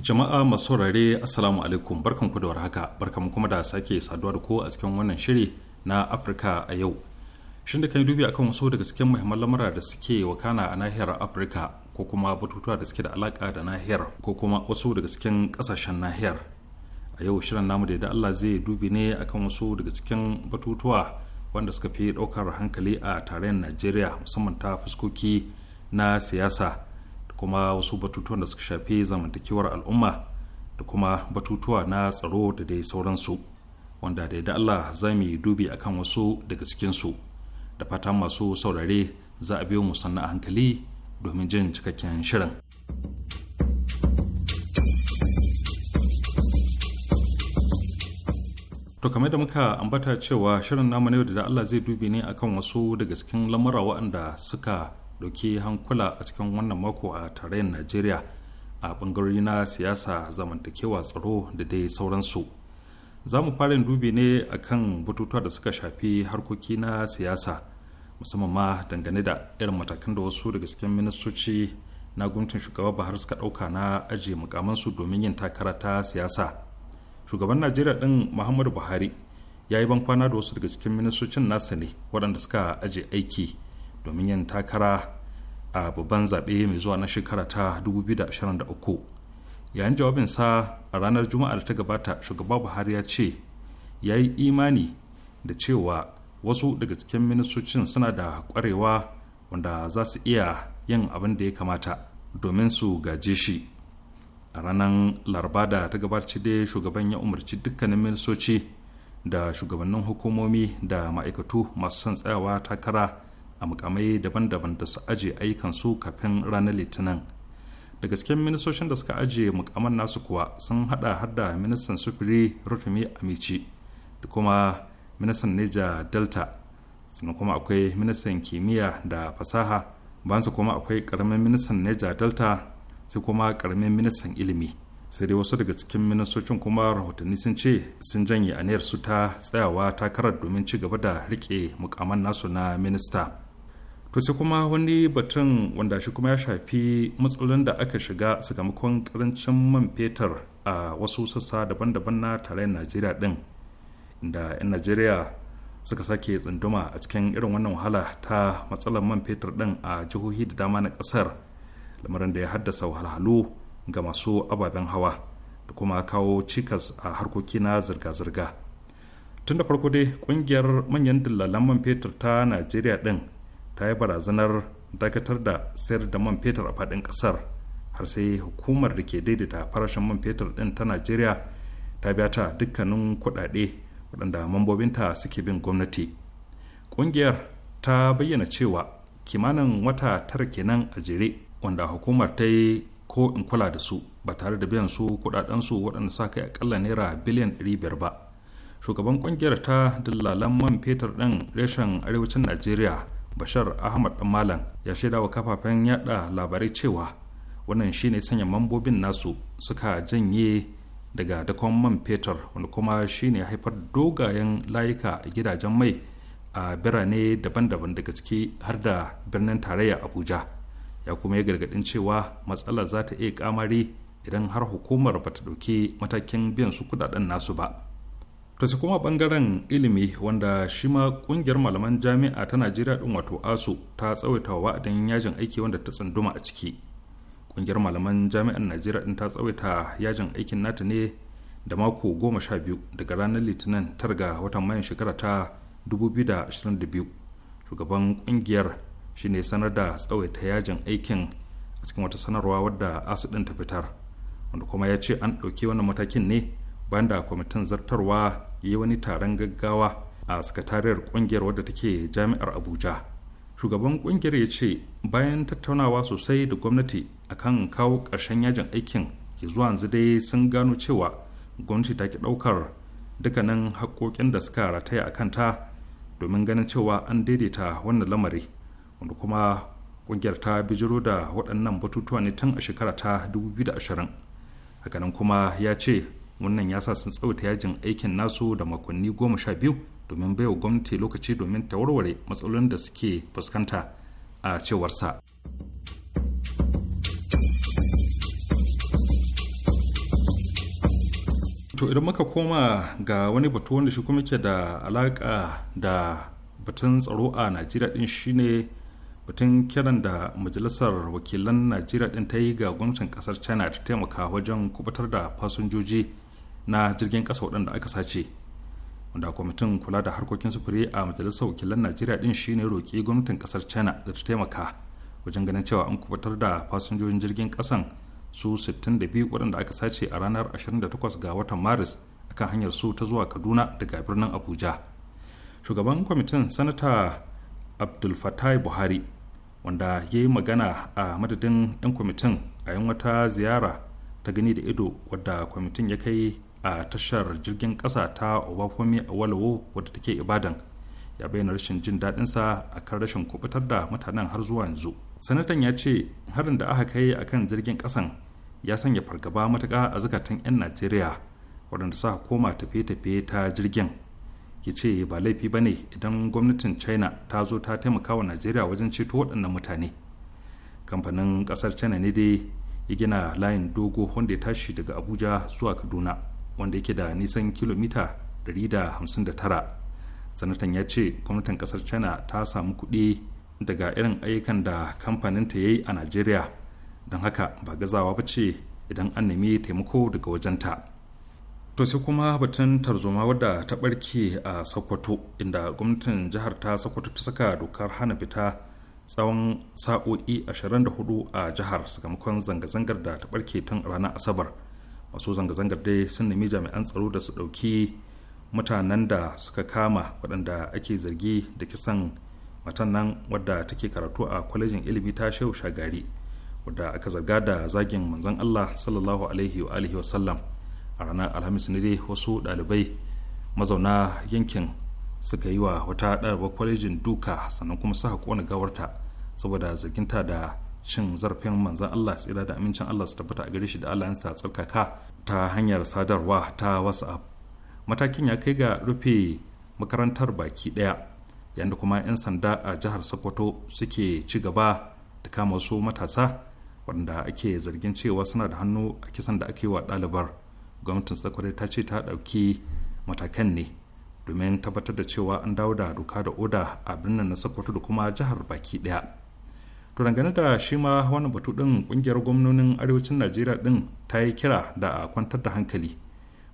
Jama'a masu saurare Assalamu alaikum barkanku da warhaka barkanku kuma da sake saduwa da ku a cikin wannan shiri na Afirka a yau. Shin da kan dubi akan wasu daga cikin muhimman lamura da suke wakana a nahiyar Afirka ko kuma batutuwa da suke da alaka da nahiyar ko kuma wasu daga cikin kasashen nahiyar a yau shirin namu da yadda Allah zai dubi ne akan wasu daga cikin batutuwa wanda suka fi ɗaukar hankali a tarayyar Najeriya musamman ta fuskoki na siyasa da kuma wasu batutuwan da suka shafi zamantakewar al'umma da kuma batutuwa na tsaro da dai sauransu wanda da yadda Allah za mu yi dubi akan wasu daga cikinsu da fata masu saurare za a biyo mu sannan a hankali domin jin cikakken shirin. To kamar da muka ambata cewa shirin namu yau da Allah zai dubi ne akan wasu daga cikin lamura waɗanda suka ɗauki hankula a cikin wannan mako a tarayyar Najeriya a ɓangarori na siyasa zamantakewa tsaro da dai sauransu. Za mu fara dubi ne akan batutuwa da suka shafi harkoki na siyasa. musamman ma dangane da irin matakan da wasu daga cikin ministoci na gwamnatin shugaba bahar suka ɗauka na ajiye mukamansu domin yin takara ta siyasa shugaban najeriya din muhammadu buhari ya yi ban kwana da wasu daga cikin ministocin nasa ne waɗanda suka ajiye aiki domin yin takara a babban zaɓe mai zuwa na shekara ta 2023 yayin jawabinsa a ranar juma'a da ta gabata shugaba buhari ya ce ya yi imani da cewa wasu daga cikin ministocin suna da kwarewa wanda za su iya yin abin da ya kamata domin su gaje shi a ranar laraba da ta gabaci dai shugaban ya umarci dukkanin ministoci da shugabannin hukumomi da ma'aikatu masu son tsayawa takara a mukamai daban-daban da su aje ayyukansu kafin ranar litinin daga cikin ministocin da suka aje mukaman nasu kuwa sun hada har da ministan sufuri rufimi amici da kuma ministan neja delta sannan kuma akwai ministan kimiyya da fasaha bayansa kuma akwai karamin ministan neja delta sai kuma karamin ministan ilimi sai dai wasu daga cikin ministocin kuma rahotanni sun ce sun janye aniyar su ta tsayawa takarar domin ci gaba da rike mukaman nasu na minista to sai kuma wani batun wanda shi kuma ya shafi matsalolin da aka shiga sakamakon karancin man fetur a wasu sassa daban-daban na tarayyar najeriya din da 'yan najeriya suka sake tsunduma a cikin irin wannan wahala ta matsalar man fetur din a jihohi da dama na kasar lamarin da ya haddasa wahalhalu ga masu ababen hawa da kuma kawo cikas a harkoki na zirga-zirga tun da farko dai kungiyar manyan dillalan man fetur ta najeriya din ta yi barazanar dakatar da sayar da man fetur a fadin kasar har sai hukumar da ke daidaita farashin man fetur din ta najeriya ta biya ta dukkanin kuɗaɗe waɗanda mambobinta suke bin gwamnati ƙungiyar ta bayyana cewa kimanin wata tara kenan a jere wanda hukumar ta yi ko in kula da su ba tare da biyan su su waɗanda sa kai akalla naira biliyan ɗari biyar ba shugaban ƙungiyar ta dillalan man fetur ɗin reshen arewacin najeriya bashar ahmad ɗan malam ya shaida wa kafafen yada labarai cewa wannan shine sanya mambobin nasu suka janye daga dakon man fetur wanda kuma shine haifar dogayen layuka a gidajen mai a birane daban-daban daga ciki har da birnin tarayya abuja ya kuma ya gargadin cewa matsalar za ta iya kamari idan har hukumar ba ta ɗauki matakin biyan su kudaden nasu ba ta su kuma bangaren ilimi wanda shi ma kungiyar malaman jami'a ta najeriya din wato asu ta tsawaita wa'adin yajin aiki wanda ta tsanduma a ciki kungiyar malaman jami'ar najeriya din ta tsawaita yajin aikin nata ne da mako goma sha biyu daga ranar litinin tar ga watan mayan shekara ta 2022 shugaban kungiyar shine sanar da tsawaita yajin aikin a cikin wata sanarwa wadda asu din ta fitar wanda kuma ya ce an ɗauki wannan matakin ne bayan da kwamitin zartarwa ya yi wani taron gaggawa a sakatariyar kungiyar wadda take jami'ar abuja shugaban kungiyar ya ce bayan tattaunawa sosai da gwamnati akan kawo ƙarshen yajin aikin ke zuwa yanzu dai sun gano cewa gwamnati ta ki ɗaukar dukkanin haƙoƙin da suka rataya a kanta domin ganin cewa an daidaita wannan lamari wanda kuma ƙungiyar ta bijiro da waɗannan batutuwa ne tun a shekara ta 2020 hakanan kuma ya ce wannan ya sa sun tsawaita yajin aikin nasu da makonni goma sha biyu domin baiwa gwamnati lokaci domin ta warware matsalolin da suke fuskanta a cewarsa. to idan muka koma ga wani batu wanda shi kuma ke da alaƙa da batun tsaro a najeriya din shine batun kiran da majalisar wakilan najeriya din ta yi ga gwamnatin kasar china ta taimaka wajen kubutar da fasinjoji na jirgin kasa waɗanda aka sace wanda kwamitin kula da harkokin sufuri a majalisar wakilan najeriya din shine roƙi gwamnatin kasar china da ta taimaka wajen ganin cewa an kubutar da fasinjojin jirgin kasan su 62 waɗanda aka sace a ranar 28 ga watan maris akan hanyar su ta zuwa kaduna daga birnin abuja shugaban kwamitin sanata abdul fatai buhari wanda ya yi magana a madadin 'yan kwamitin a yin wata ziyara ta gani da ido wadda kwamitin ya kai a tashar jirgin ƙasa ta obafomi a walowo wadda take ibadan ya bayyana rashin jin daɗinsa a kan rashin kubutar da mutanen har zuwa yanzu sanatan ya ce harin da aka kai a kan jirgin kasan ya sanya fargaba matuka a zukatan 'yan najeriya waɗanda sa koma tafe-tafe ta jirgin ya ce ba laifi ba ne idan gwamnatin china ta zo ta taimaka wa najeriya wajen ceto waɗannan mutane kamfanin ƙasar china ne dai ya gina layin dogo wanda ya tashi daga abuja zuwa kaduna wanda yake da nisan kilomita 159 sanatan ya ce gwamnatin ƙasar china ta samu kuɗi daga irin ayyukan da kamfanin ta ya yi a najeriya don haka ba gazawa ba ce idan an nemi taimako daga wajenta to sai kuma batun tarzoma wadda ta barke a sokoto inda gwamnatin jihar ta sokoto ta saka dokar hana fita tsawon sa'o'i 24 a jihar sakamakon zanga-zangar da ta barke tun ranar asabar masu zanga-zangar dai sun nemi jami'an tsaro da su ɗauki mutanen da suka kama waɗanda ake zargi da kisan matan nan wadda take karatu a kwalejin ilimi ta shehu shagari wadda aka zarga da zagin manzon Allah sallallahu alaihi wa alihi wasallam a ranar alhamis ne dai wasu ɗalibai mazauna yankin suka yi wa wata ɗalibar kwalejin duka sannan kuma suka kona gawarta saboda zarginta da cin zarafin manzan Allah tsira da amincin Allah su tabbata a gare shi da Allah sa tsarkaka ta hanyar sadarwa ta WhatsApp matakin ya kai ga rufe makarantar baki ɗaya yadda kuma 'yan sanda a jihar sokoto suke ci gaba da kama wasu matasa wadanda ake zargin cewa suna da hannu a kisan da ake wa dalibar gwamnatin sokoto ta ce ta dauki matakan ne domin tabbatar da cewa an dawo da doka da oda a birnin na sokoto da kuma jihar baki daya to dangane da shi ma wannan batu ɗin kungiyar gwamnonin arewacin najeriya din ta yi kira da a kwantar da hankali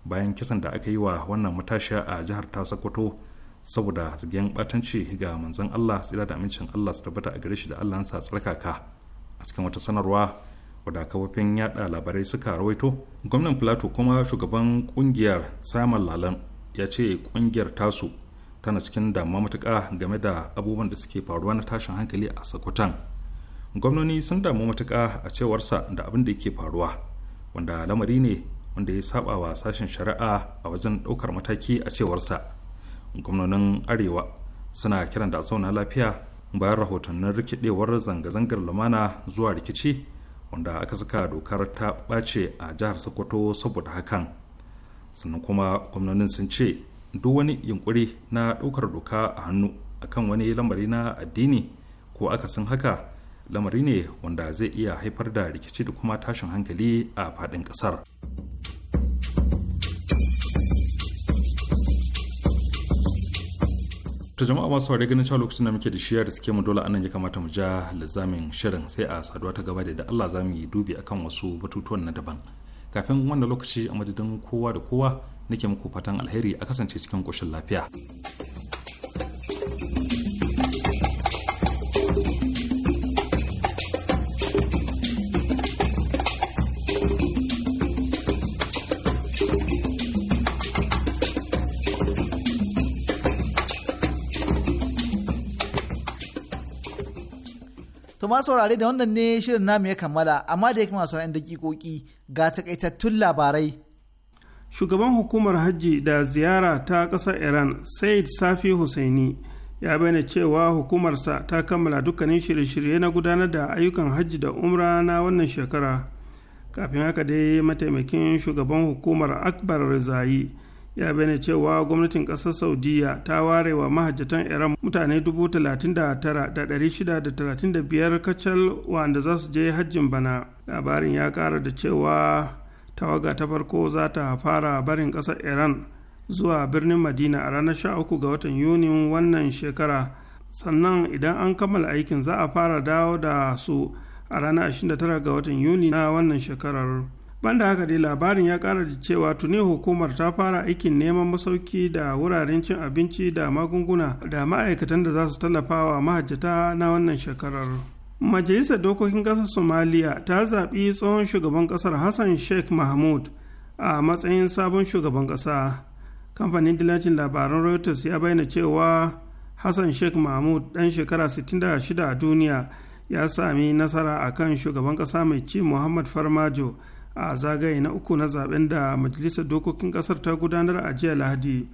bayan kisan da aka yi wa wannan matashiya a jihar ta sokoto saboda zargin batanci ga manzon Allah tsira da amincin Allah su tabbata a gare shi da Allah sa tsarkaka a cikin wata sanarwa wadda kafofin yada labarai suka rawaito gwamnan plato kuma shugaban kungiyar samun lalan ya ce kungiyar tasu tana cikin damuwa matuka game da abubuwan da suke faruwa na tashin hankali a sakutan gwamnoni sun damu matuka a cewarsa da abin da yake faruwa wanda lamari ne wanda ya saba wa sashen shari'a a wajen ɗaukar mataki a cewarsa gwamnonin arewa suna kiran da zauna lafiya bayan rahotannin rikidewar zanga-zangar lumana zuwa rikici wanda aka saka dokar ta ɓace a jihar sokoto saboda hakan sannan kuma gwamnonin sun ce duk wani yunkuri na ɗaukar doka a hannu akan wani lamari na addini ko aka akasin haka lamari ne wanda zai iya haifar da rikici da kuma tashin hankali a faɗin ƙasar to jama'a masu saurari ganin cewa lokacin da muke da shiyar da suke mu dole anan ya kamata mu ja lazamin shirin sai a saduwa ta gaba da idan Allah za mu yi dubi kan wasu batutuwan na daban kafin wannan lokaci a madadin kowa da kowa nake muku fatan alheri a kasance cikin koshin lafiya. ma saurare da wannan ne shirin namu ya kammala amma da ya kama sauran dakikoki ga takaitattun labarai. Shugaban hukumar hajji da ziyara ta ƙasar Iran Said Safi Hussaini ya bayyana cewa hukumarsa ta kammala dukkanin shirye-shirye na gudanar da ayyukan hajji da umra na wannan shekara. Kafin haka dai mataimakin shugaban hukumar Akbar Rizayi ya bayyana cewa gwamnatin ƙasar saudiya ta ware wa mahajjatan iran mutane 39,635 kacal wanda za su je hajjin bana labarin ya kara da cewa tawaga ta farko za ta fara barin ƙasar iran zuwa birnin madina a ranar 13 ga watan yunin wannan shekara sannan idan an kammala aikin za a fara dawo da su a ranar 29 ga watan yuni na wannan shekarar. banda haka dai labarin ya kara da cewa tuni hukumar ta fara aikin neman masauki da wuraren cin abinci da magunguna da ma'aikatan da za su tallafa wa mahajjata na wannan shekarar majalisar dokokin ƙasar somaliya ta zaɓi tsohon shugaban ƙasar hassan sheikh mahmud a matsayin sabon shugaban ƙasa kamfanin dillacin labaran reuters ya bayyana cewa hassan sheikh mahmud ɗan shekara 66 a duniya ya sami nasara a kan shugaban ƙasa mai ci muhammad farmajo a zagaye na uku na zaben da majalisar dokokin kasar ta gudanar a jiya lahadi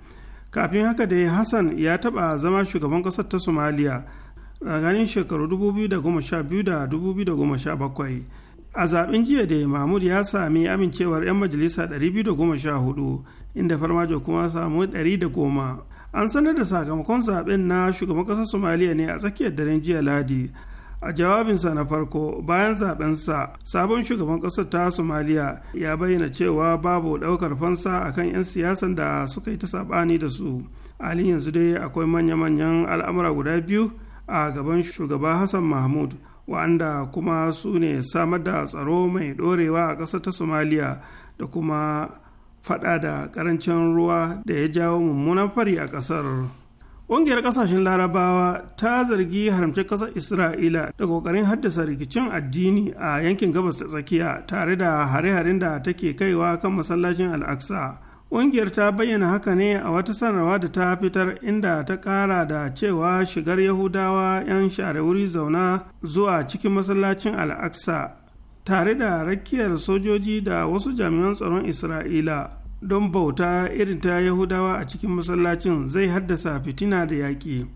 kafin haka dai hassan ya taɓa zama shugaban kasar ta somaliya tsakanin shekaru 2012 2017 a zaben jiya da mahmud ya sami amincewar 'yan majalisa 214 inda farmajo kuma samu 110 an sanar da sakamakon zaben na shugaban kasar somaliya ne a tsakiyar daren jiya ladi a jawabinsa na farko bayan zabensa sabon shugaban ƙasar ta somaliya ya bayyana cewa babu ɗaukar fansa a kan 'yan siyasan da suka yi ta saɓani da su halin yanzu dai akwai manya-manyan al'amura guda biyu a gaban shugaba hassan mahmud wa'anda kuma su ne samar da tsaro mai ɗorewa a ƙasar ta somaliya da kuma faɗa da ƙarancin ruwa da ya jawo mummunan fari a ƙasar. ƙungiyar ƙasashen larabawa ta zargi haramcin ƙasar isra'ila da ƙoƙarin haddasa rikicin addini a yankin gabas ta tsakiya tare da hare-haren da take kaiwa kan masallacin al'aksa. ƙungiyar ta bayyana haka ne a wata sanarwa da ta fitar inda ta ƙara da cewa shigar yahudawa 'yan share wuri zauna zuwa cikin masallacin al'aksa, tare da rakiyar sojoji da wasu jami'an tsaron isra'ila don bauta irin ta yahudawa a cikin masallacin zai haddasa fitina da yaƙi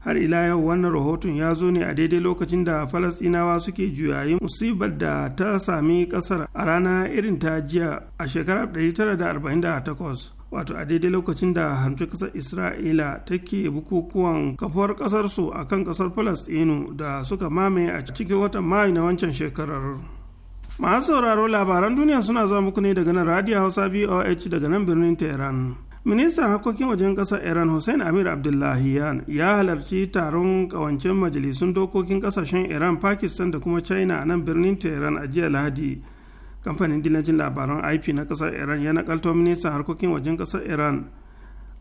har ila yau wannan rahoton ya zo ne a daidai lokacin da falasɗinawa suke juyayin musibar da ta sami ƙasar a rana irin ta jiya a shekarar 1948 wato a daidai lokacin da hantu kasar isra'ila take bukukuwan kafuwar ƙasarsu a kan kasar falasɗinu da suka mamaye a cikin watan mayu na wancan shekarar masu sauraro labaran duniya suna zuwa muku ne daga nan radio hausa voh daga nan birnin tehran ministan harkokin wajen ƙasar iran hussein amir abdullahi ya halarci taron kawancin majalisun dokokin ƙasashen iran pakistan da kuma china a nan birnin tehran a jiya lahadi kamfanin dillacin labaran ip na ƙasar iran ya nakalto ministan harkokin wajen ƙasar iran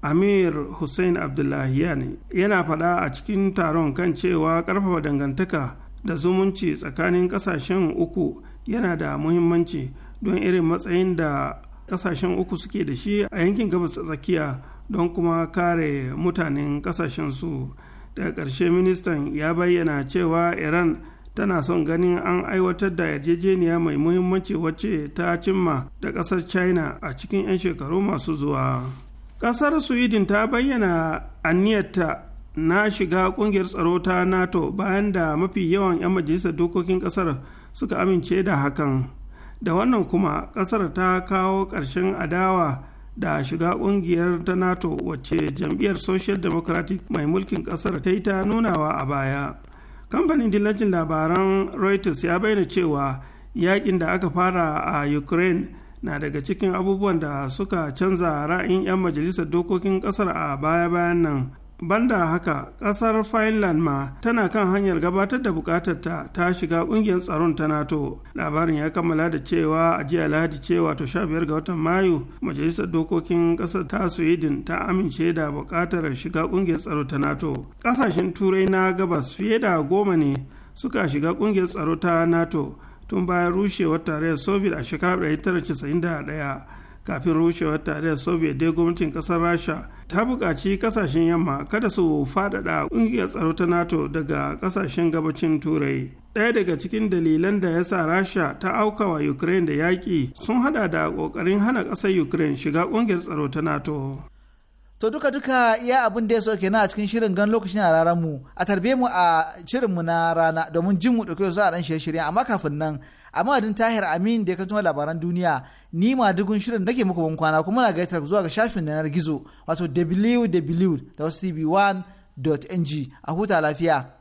amir hussein abdullahiyan yana faɗa a cikin taron kan cewa ƙarfafa dangantaka da zumunci tsakanin ƙasashen uku yana da muhimmanci don irin matsayin da kasashen uku suke da shi a yankin gabas ta tsakiya don kuma kare mutanen kasashen su daga ƙarshe ministan ya bayyana cewa iran tana son ganin an aiwatar da yarjejeniya mai muhimmanci wacce ta cimma da ƙasar china a cikin 'yan shekaru masu zuwa ƙasar sweden ta bayyana aniyarta na shiga ƙungiyar tsaro ta nato bayan da mafi yawan 'yan majalisar dokokin ƙasar suka amince da hakan da wannan kuma ƙasar ta kawo ƙarshen adawa da shiga ƙungiyar ta nato wacce jam'iyyar social democratic mai mulkin ƙasar ta yi ta nunawa a baya kamfanin dillacin labaran reuters ya bayyana cewa yakin da aka fara a ukraine na daga cikin abubuwan da suka canza ra'ayin 'yan majalisar dokokin kasar a baya-bayan nan banda haka kasar finland ma tana kan hanyar gabatar da bukatarta ta shiga kungiyar tsaron ta nato labarin ya kammala da cewa a jiya lahadi cewa to 15 ga watan mayu majalisar dokokin kasar ta sweden ta amince da bukatar shiga kungiyar tsaro ta nato kasashen turai na gabas fiye da goma ne suka shiga kungiyar tsaro ta nato tun bayan rushewar tarayyar soviet a shekarar 1991 kafin rushewar tarayyar soviet dai gwamnatin kasar rasha ta buƙaci kasashen yamma kada su faɗaɗa ƙungiyar tsaro ta nato daga kasashen gabacin turai ɗaya daga cikin dalilan da ya sa rasha ta auka wa ukraine da yaƙi sun haɗa da ƙoƙarin hana ƙasar ukraine shiga ƙungiyar tsaro ta nato to duka duka iya abin da ya so kenan a cikin shirin gan lokacin a ranar mu a tarbe mu a shirin mu na rana domin jin mu dauke zuwa ɗan shirye-shirye amma kafin nan a madadin tahir amin da ya kasance labaran duniya ni ma dugun shirin nake muku ban kwana kuma na gaitar zuwa ga shafin yanar gizo wato wwwcb 1ng a huta lafiya.